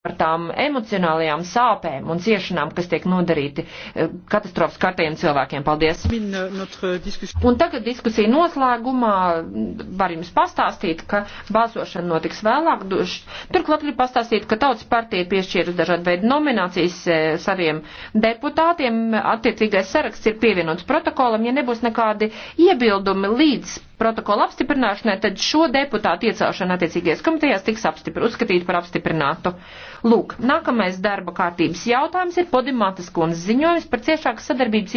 par tām emocionālajām sāpēm un ciešanām, kas tiek nodarīti eh, katastrofas kārtējiem cilvēkiem. Paldies! Un tagad diskusija noslēgumā var jums pastāstīt, ka balsošana notiks vēlāk. Turklāt gribu pastāstīt, ka Tautas partija piešķīrus dažādu veidu nominācijas eh, saviem deputātiem. Attiecīgais saraksts ir pievienots protokolam. Ja nebūs nekādi iebildumi līdz protokola apstiprināšanai, tad šo deputātu iecelšana attiecīgajās komitejās tiks apstipr uzskatīta par apstiprinātu. Lūk, nākamais darba kārtības jautājums ir Podimātas kundzes ziņojums par ciešāku sadarbības